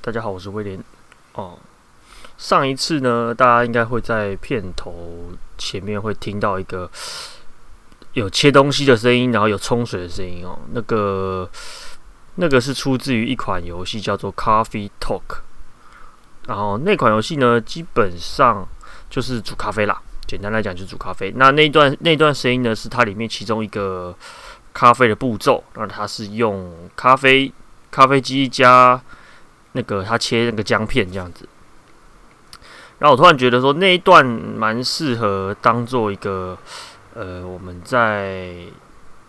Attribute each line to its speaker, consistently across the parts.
Speaker 1: 大家好，我是威廉。哦，上一次呢，大家應該會在片頭前面會聽到一個有切東西的聲音，然後有沖水的聲音哦。那個那個是出自於一款遊戲，叫做《Coffee Talk》。然後那款遊戲呢，基本上就是煮咖啡啦。簡單來講，就是煮咖啡。那那段那段聲音呢，是它裡面其中一個咖啡的步驟。那它是用咖啡咖啡機加。那個他切那個薑片這樣子，然後我突然覺得說那一段蠻適合當做一個呃我們在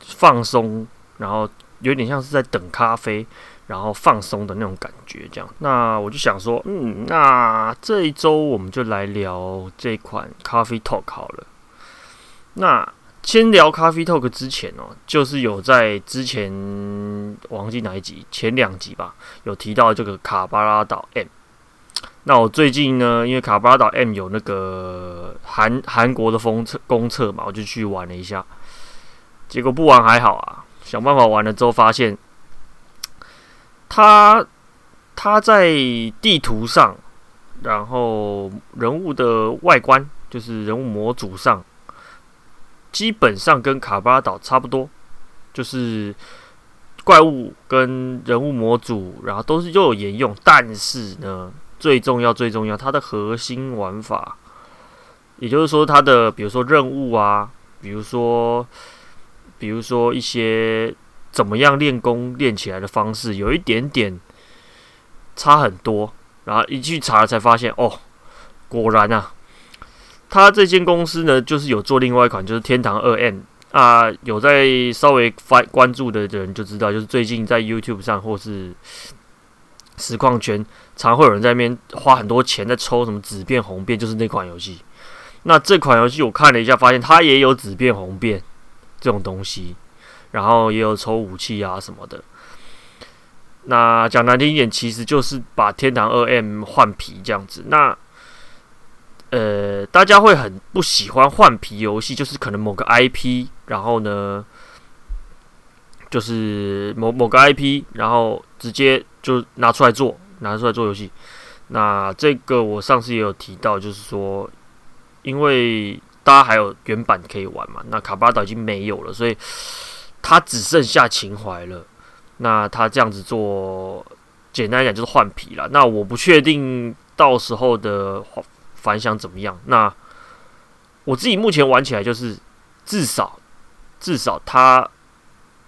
Speaker 1: 放鬆，然後有點像是在等咖啡，然後放鬆的那種感覺這樣。那我就想說，嗯，那這一周我們就來聊這款 Coffee Talk 好了。那先聊咖啡 talk 之前哦，就是有在之前忘記哪一集，前兩集吧，有提到這個卡巴拉島 M。那我最近呢，因為卡巴拉島 M 有那個韓韓國的封測公測嘛，我就去玩了一下。結果不玩還好啊，想辦法玩了之後發現，他他在地圖上，然後人物的外觀就是人物模組上。基本上跟卡巴拉島差不多，就是怪物跟人物模組，然後都是又有沿用，但是呢，最重要最重要，它的核心玩法，也就是說它的比如說任務啊，比如說，比如說一些怎麼樣練功練起來的方式，有一點點差很多，然後一去查了才發現哦，果然吶、啊。他這間公司呢，就是有做另外一款，就是《天堂二 M》啊，有在稍微發關注的人就知道，就是最近在 YouTube 上或是實況圈，常會有人在那邊花很多錢在抽什麼紫變紅變，就是那款遊戲。那這款遊戲我看了一下，發現它也有紫變紅變這種東西，然後也有抽武器啊什麼的。那講難聽一點，其實就是把《天堂二 M》換皮這樣子。那呃，大家會很不喜歡換皮遊戲，就是可能某個 IP，然後呢，就是某某個 IP，然後直接就拿出來做，拿出來做遊戲。那這個我上次也有提到，就是說，因為大家還有原版可以玩嘛，那卡巴島已經沒有了，所以他只剩下情懷了。那他這樣子做，簡單一點就是換皮了。那我不確定到時候的。反響怎麼樣？那我自己目前玩起來就是，至少至少他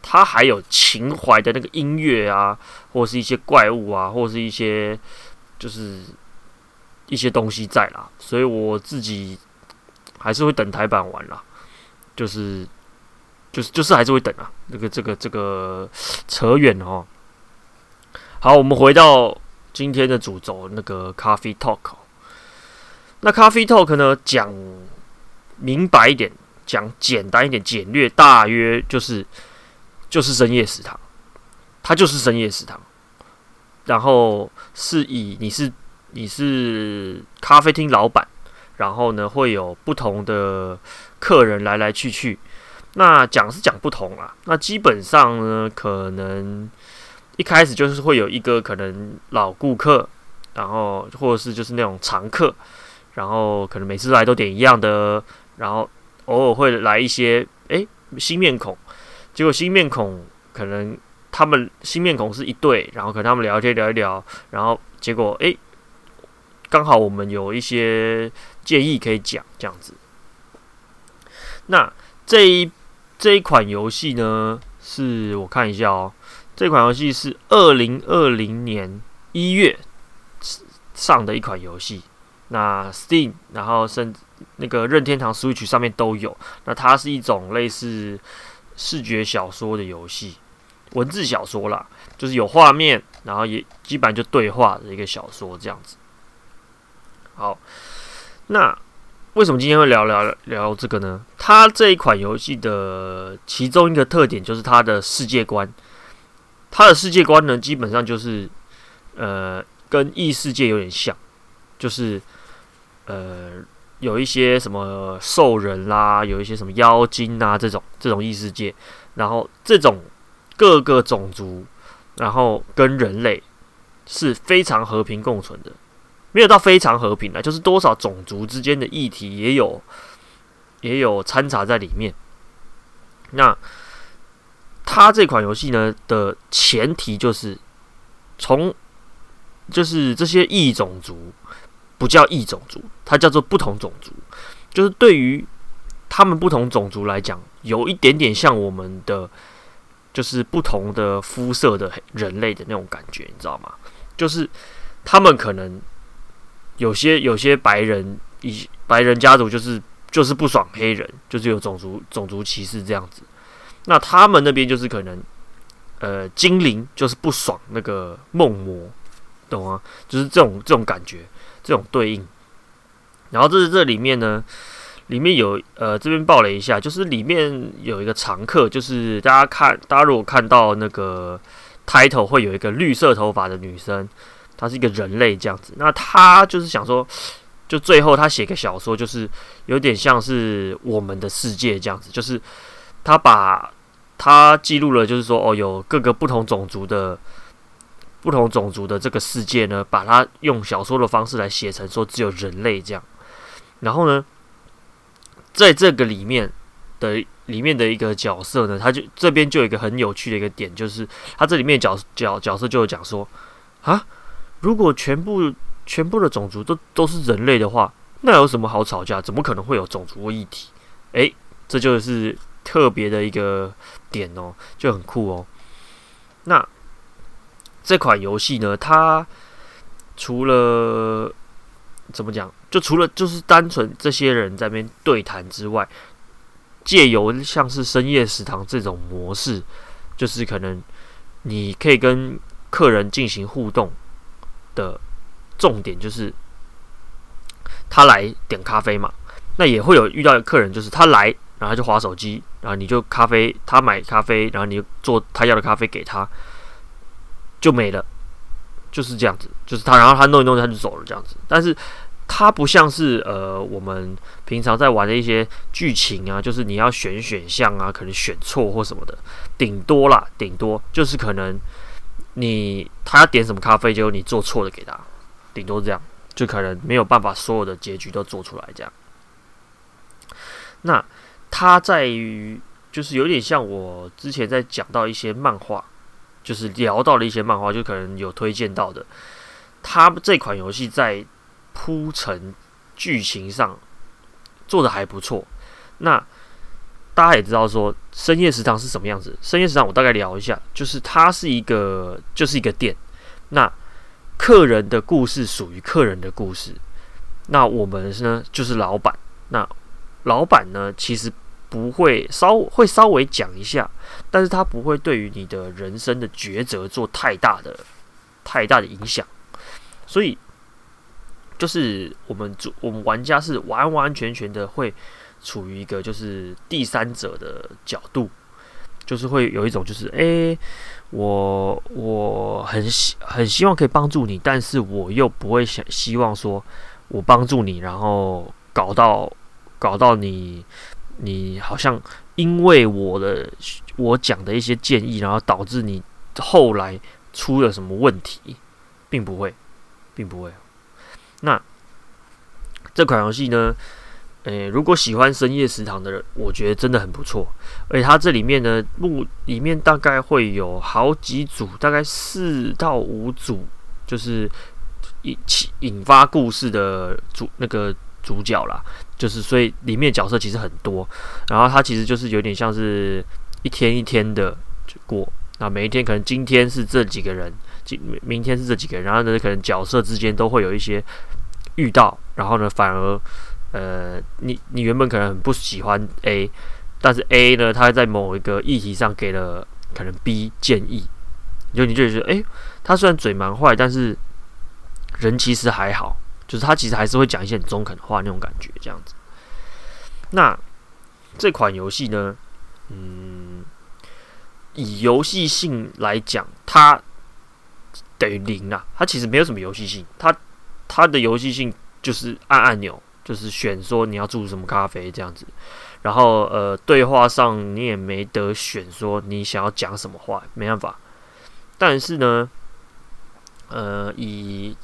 Speaker 1: 他還有情懷的那個音樂啊，或是一些怪物啊，或是一些就是一些東西在啦。所以我自己還是會等台版玩啦，就是就是就是還是會等啊。這、那個這個這個扯遠哦。好，我們回到今天的主軸，那個 Coffee Talk。那咖啡 Talk 呢？講明白一點，講簡單一點，簡略大約就是就是深夜食堂，它就是深夜食堂。然後是以你是你是咖啡廳老闆，然後呢，會有不同的客人來來去去。那講是講不同啦、啊，那基本上呢，可能一開始就是會有一個可能老顧客，然後或者是就是那種常客。然後可能每次來都點一樣的，然後偶爾會來一些哎新面孔，結果新面孔可能他們新面孔是一對，然後跟他們聊天聊一聊，然後結果哎剛好我們有一些建議可以講這樣子。那這一這一款遊戲呢，是我看一下哦，這款遊戲是二零二零年一月上的一款遊戲。那 Steam，然後甚至那個任天堂 Switch 上面都有。那它是一種類似視覺小說的遊戲，文字小說啦，就是有畫面，然後也基本上就對話的一個小說這樣子。好，那為什麼今天會聊聊聊這個呢？它這一款遊戲的其中一個特點就是它的世界觀，它的世界觀呢，基本上就是呃，跟異世界有點像，就是。呃，有一些什麼獸人啦、啊，有一些什麼妖精啊，這種這種異世界，然後這種各個種族，然後跟人類是非常和平共存的，沒有到非常和平的，就是多少種族之間的議題也有，也有摻雜在裡面。那他這款遊戲呢的前提就是從就是這些異種族。不叫異種族，它叫做不同種族。就是對於他們不同種族來講，有一點點像我們的，就是不同的膚色的人類的那種感覺，你知道嗎？就是他們可能有些有些白人，白人家族就是就是不爽黑人，就是有種族種族歧視這樣子。那他們那邊就是可能，呃，精靈就是不爽那個夢魔，懂嗎？就是這種這種感覺。這種對應，然後這是這裡面呢，裡面有呃這邊爆了一下，就是裡面有一個常客，就是大家看，大家如果看到那個 title 會有一個綠色頭髮的女生，她是一個人類這樣子。那她就是想說，就最後她寫個小說，就是有點像是《我們的世界》這樣子，就是她把她記錄了，就是說哦有各個不同種族的。不同種族的這個世界呢，把它用小說的方式來寫成，說只有人類這樣。然後呢，在這個裡面的裡面的一個角色呢，他就這邊就有一個很有趣的一個點，就是他這裡面角角角色就有講說啊，如果全部全部的種族都都是人類的話，那有什麼好吵架？怎麼可能會有種族議題？欸，這就是特別的一個點喔，就很酷喔。那。這款遊戲呢，它除了怎麼講，就除了就是單純這些人在那邊對談之外，借由像是深夜食堂這種模式，就是可能你可以跟客人進行互動的，重點就是他來點咖啡嘛，那也會有遇到的客人就是他來，然後他就滑手機，然後你就咖啡，他買咖啡，然後你就做他要的咖啡給他。就沒了，就是這樣子，就是他，然後他弄一弄，他就走了，這樣子。但是，他不像是呃，我們平常在玩的一些劇情啊，就是你要選選項啊，可能選錯或什麼的，頂多啦，頂多就是可能你他要點什麼咖啡，結果你做錯了給他，頂多這樣，就可能沒有辦法所有的結局都做出來這樣。那他在於，就是有點像我之前在講到一些漫畫。就是聊到了一些漫畫，就可能有推薦到的。他這款遊戲在鋪陳劇情上做得還不錯。那大家也知道說，深夜食堂是什麼樣子？深夜食堂我大概聊一下，就是它是一個，就是一個店。那客人的故事屬於客人的故事。那我們呢，就是老闆。那老闆呢，其實。不會稍，稍會稍微講一下，但是他不會對於你的人生的抉擇做太大的太大的影響，所以就是我們主，我們玩家是完完全全的會處於一個就是第三者的角度，就是會有一種就是哎，我我很希很希望可以幫助你，但是我又不會想希望說我幫助你，然後搞到搞到你。你好像因為我的我講的一些建議，然後導致你後來出了什麼問題，並不會，並不會。那這款遊戲呢？欸，如果喜歡深夜食堂的人，我覺得真的很不錯。而且它這裡面呢，目裡面大概會有好幾組，大概四到五組，就是引起引發故事的主，那個。主角啦，就是所以裡面角色其實很多，然後它其實就是有點像是一天一天的過，那每一天可能今天是這幾個人，今明天是這幾個人，然後呢可能角色之間都會有一些遇到，然後呢反而呃你你原本可能很不喜歡 A，但是 A 呢他在某一個議題上給了可能 B 建議，就你就覺得哎，他雖然嘴蠻壞，但是人其實還好。就是他其實還是會講一些很中肯的話，那種感覺這樣子。那這款遊戲呢，嗯，以遊戲性來講，它等於零啊，它其實沒有什麼遊戲性。它它的遊戲性就是按按鈕，就是選說你要注什麼咖啡這樣子。然後呃，對話上你也沒得選，說你想要講什麼話，沒辦法。但是呢，呃，以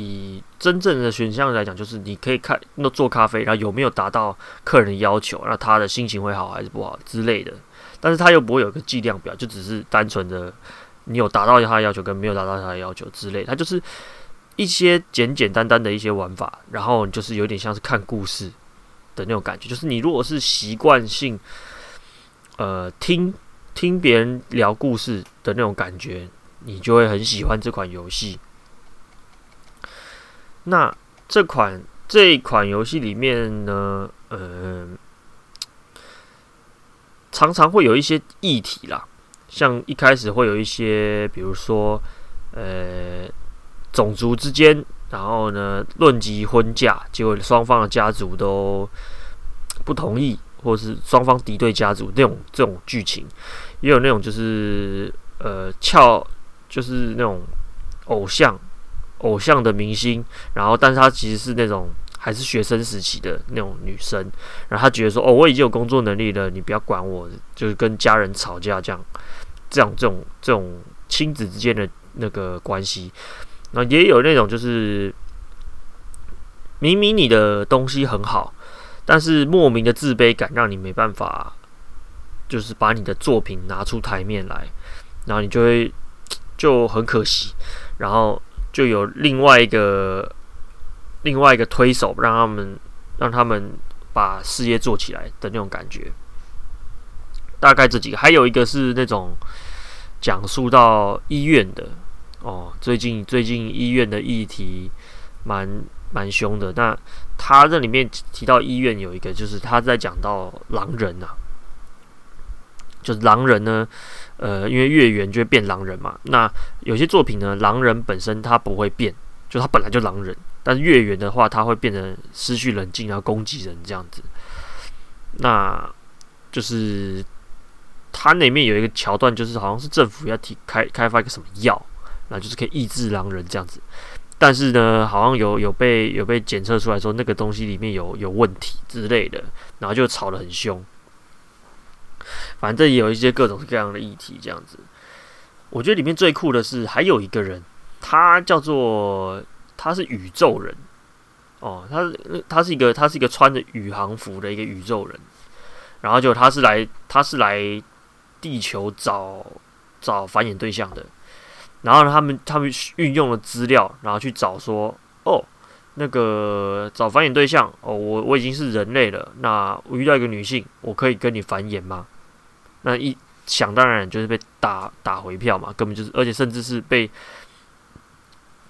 Speaker 1: 以真正的選項來講，就是你可以看那做咖啡，然後有沒有達到客人的要求，那他的心情會好還是不好之類的。但是他又不會有一個計量表，就只是單純的你有達到他的要求跟沒有達到他的要求之類的。他就是一些簡簡單單的一些玩法，然後就是有點像是看故事的那種感覺。就是你如果是習慣性呃聽聽別人聊故事的那種感覺，你就會很喜歡這款遊戲。那這款這一款遊戲裡面呢，呃，常常會有一些議題啦，像一開始會有一些，比如說，呃，種族之間，然後呢，論及婚嫁，結果雙方的家族都不同意，或是雙方敵對家族那種這種劇情，也有那種就是呃，俏，就是那種偶像。偶像的明星，然後，但是他其實是那種還是學生時期的那種女生，然後他覺得說：“哦，我已經有工作能力了，你不要管我。”就是跟家人吵架這樣，這樣這種這種親子之間的那個關係，然後也有那種就是明明你的東西很好，但是莫名的自卑感讓你沒辦法，就是把你的作品拿出台面來，然後你就會就很可惜，然後。就有另外一個另外一個推手，讓他們讓他們把事業做起來的那種感覺。大概這幾個，還有一個是那種講述到醫院的哦，最近最近醫院的議題蠻蠻兇的。那他這裡面提到醫院有一個，就是他在講到狼人啊。就是狼人呢，呃，因為月圓就會變狼人嘛。那有些作品呢，狼人本身它不會變，就它本來就狼人，但是月圓的話，它會變成失去冷靜，然後攻擊人這樣子。那就是它那裡面有一個橋段，就是好像是政府要提開開發一個什麼藥，那就是可以抑制狼人這樣子。但是呢，好像有有被有被檢測出來說那個東西裡面有有問題之類的，然後就吵得很兇。反正有一些各種各樣的議題，這樣子，我覺得裡面最酷的是還有一個人，他叫做他是宇宙人，哦，他是他是一個他是一個穿着宇航服的一個宇宙人，然後就他是來他是來地球找找繁衍對象的，然後呢，他們他們運用了資料，然後去找說哦那個找繁衍對象哦，我我已經是人類了，那我遇到一個女性，我可以跟你繁衍嗎？那一想當然就是被打打回票嘛，根本就是，而且甚至是被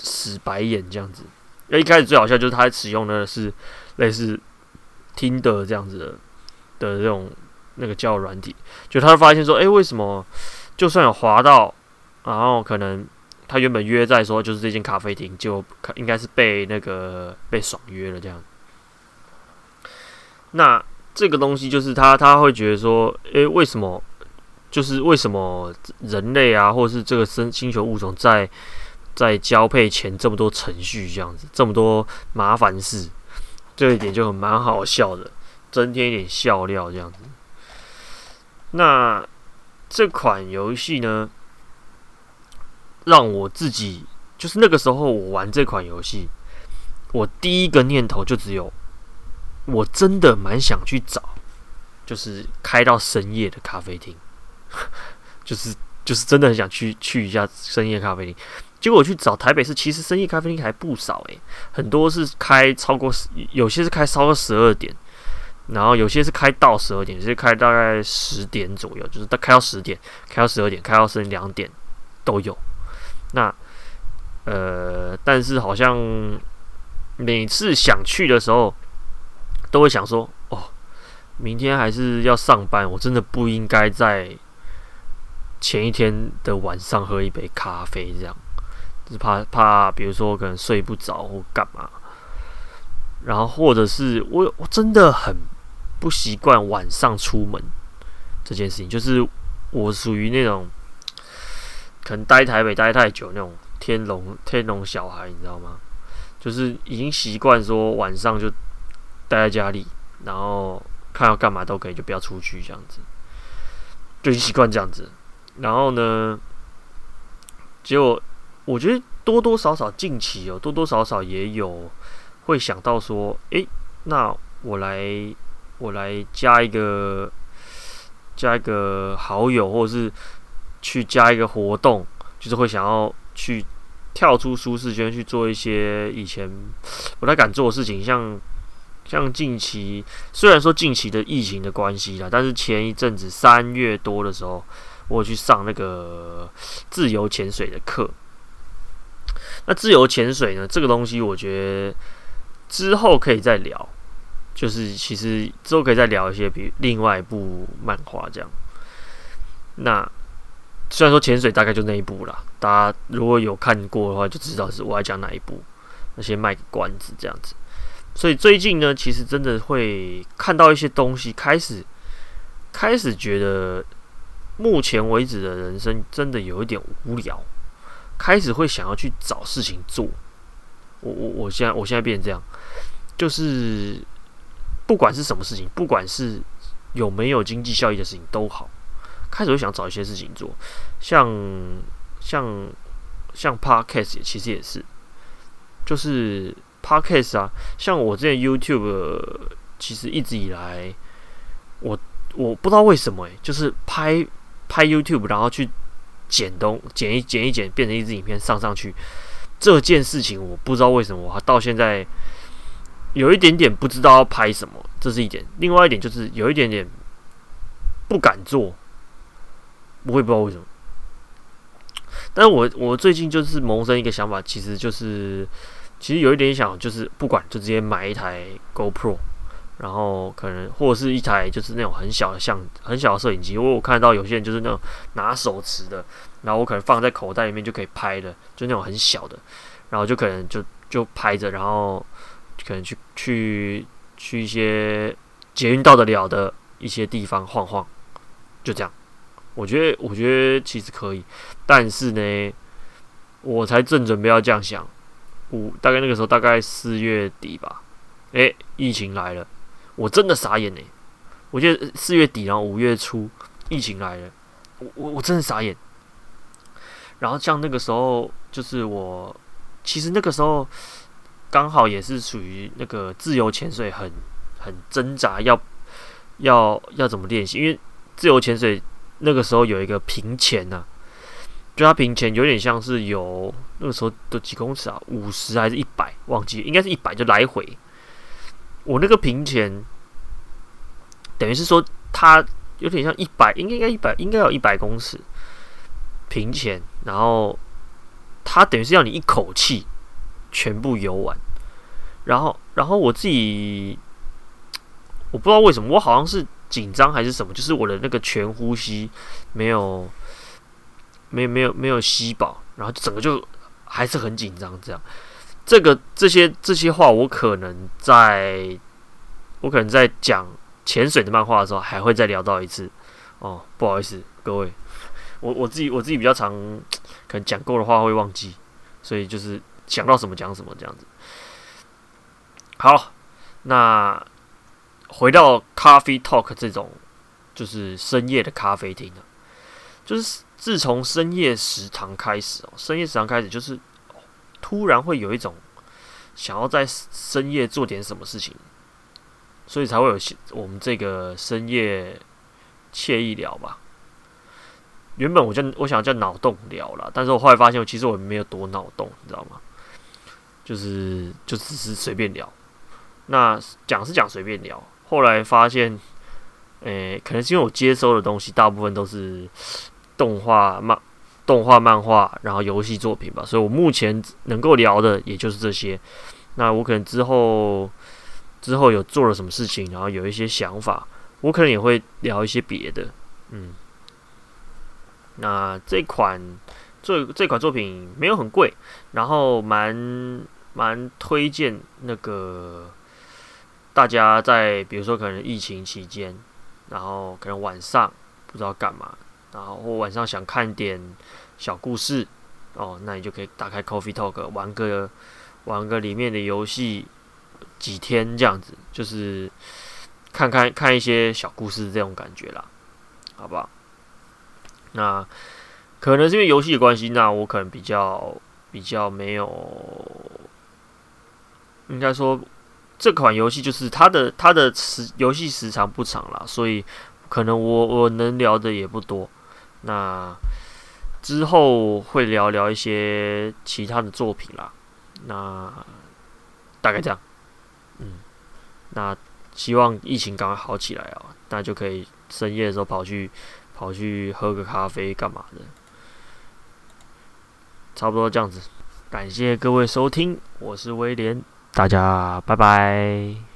Speaker 1: 使白眼這樣子。那一開始最好笑就是他使用的是類似 Tinder 這樣子的的這種那個叫軟體，就他就發現說，哎、欸，為什麼就算有滑到，然後可能他原本約在說就是這間咖啡廳，就，應該是被那個被爽約了這樣。那。這個東西就是他，他會覺得說，誒，為什麼？就是為什麼人類啊，或者是這個星星球物種在在交配前這麼多程序，這樣子，這麼多麻煩事，這一點就很蠻好笑的，增添一點笑料這樣子。那這款遊戲呢，讓我自己就是那個時候我玩這款遊戲，我第一個念頭就只有。我真的蠻想去找，就是開到深夜的咖啡廳，就是就是真的很想去去一下深夜咖啡廳，結果我去找台北市，其實深夜咖啡廳還不少誒、欸，很多是開超過十，有些是開超過十二點，然後有些是開到十二點，有些開大概十點左右，就是開到十點、開到十二點、開到深夜兩點都有。那呃，但是好像每次想去的時候，都會想說哦，明天還是要上班，我真的不應該在前一天的晚上喝一杯咖啡，這樣，就是怕怕，比如說可能睡不着或幹嘛。然後或者是我我真的很不習慣晚上出門這件事情，就是我屬於那種可能待台北待太久那種天龍天龍小孩，你知道嗎？就是已經習慣說晚上就。待在家裡，然後看要幹嘛都可以，就不要出去這樣子，就習慣這樣子。然後呢，結果我覺得多多少少近期有、哦，多多少少也有會想到說，誒、欸，那我來我來加一個加一個好友，或者是去加一個活動，就是會想要去跳出舒適圈去做一些以前不太敢做的事情，像。像近期，雖然說近期的疫情的關係啦，但是前一陣子三月多的時候，我去上那個自由潛水的課。那自由潛水呢，這個東西我覺得之後可以再聊，就是其實之後可以再聊一些，比如另外一部漫畫這樣。那雖然說潛水大概就那一部啦，大家如果有看過的話，就知道是我要講哪一部，那先賣個關子這樣子。所以最近呢，其實真的會看到一些東西，開始開始覺得目前為止的人生真的有一點無聊，開始會想要去找事情做。我我我現在我現在變成這樣，就是不管是什麼事情，不管是有沒有經濟效益的事情都好，開始會想找一些事情做，像像像 Podcast 其實也是，就是。Podcast 啊，像我之前 YouTube，其實一直以來，我我不知道為什麼誒，就是拍拍 YouTube，然後去剪東剪一剪一剪，變成一支影片上上去，這件事情我不知道為什麼，我到現在有一點點不知道要拍什麼，這是一點。另外一點就是有一點點不敢做，我也不知道為什麼。但是我我最近就是萌生一個想法，其實就是。其實有一點想，就是不管，就直接買一台 GoPro，然後可能或者是一台就是那種很小的相很小的攝影機。因為我看到有些人就是那種拿手持的，然後我可能放在口袋裡面就可以拍的，就那種很小的，然後就可能就就拍着，然後可能去去去一些捷運到得了的一些地方晃晃，就這樣。我覺得我覺得其實可以，但是呢，我才正準備要這樣想。五，大概那個時候大概四月底吧，哎、欸，疫情來了，我真的傻眼哎！我記得四月底然後五月初，疫情來了，我我，我真的傻眼。然後像那個時候，就是我其實那個時候剛好也是屬於那個自由潛水很，很很掙扎要，要要要怎麼練習？因為自由潛水那個時候有一個平潛呢。就他平潛有點像是有那個時候的幾公尺啊，五十還是一百？忘記，應該是一百就來回。我那個平潛等於是說，他有點像一百，應該應該一百，應該有一百公尺平潛。然後他等於是要你一口氣全部游完。然後，然後我自己，我不知道為什麼，我好像是緊張還是什麼，就是我的那個全呼吸沒有。沒沒有沒有吸飽，然後整個就還是很緊張。這樣，這個這些這些話，我可能在，我可能在講潛水的漫畫的時候，還會再聊到一次。哦，不好意思，各位，我我自己我自己比較常，可能講夠的話會忘記，所以就是想到什麼講什麼這樣子。好，那回到 Coffee Talk 這種，就是深夜的咖啡廳了。就是自從深夜食堂開始哦，深夜食堂開始就是突然會有一種想要在深夜做點什麼事情，所以才會有我們這個深夜愜意聊吧。原本我叫我想叫腦洞聊啦，但是我後來發現，其實我沒有多腦洞，你知道嗎？就是就只是隨便聊。那講是講隨便聊，後來發現，誒、欸，可能是因為我接收的東西大部分都是。動畫漫、動畫漫畫，然後遊戲作品吧。所以，我目前能夠聊的也就是這些。那我可能之後、之後有做了什麼事情，然後有一些想法，我可能也會聊一些別的。嗯，那這款、這這款作品沒有很貴，然後蠻蠻推薦那個大家在，比如說可能疫情期間，然後可能晚上不知道幹嘛。然後或晚上想看點小故事哦，那你就可以打開 Coffee Talk 玩個玩個裡面的遊戲，幾天這樣子，就是看看看一些小故事這種感覺啦，好不好？那可能是因為遊戲的關係，那我可能比較比較沒有，應該說這款遊戲就是它的它的時遊戲時長不長啦，所以可能我我能聊的也不多。那之後會聊聊一些其他的作品啦，那大概這樣，嗯，那希望疫情趕快好起來哦，那就可以深夜的時候跑去跑去喝個咖啡幹嘛的，差不多這樣子。感謝各位收聽，我是威廉，大家拜拜。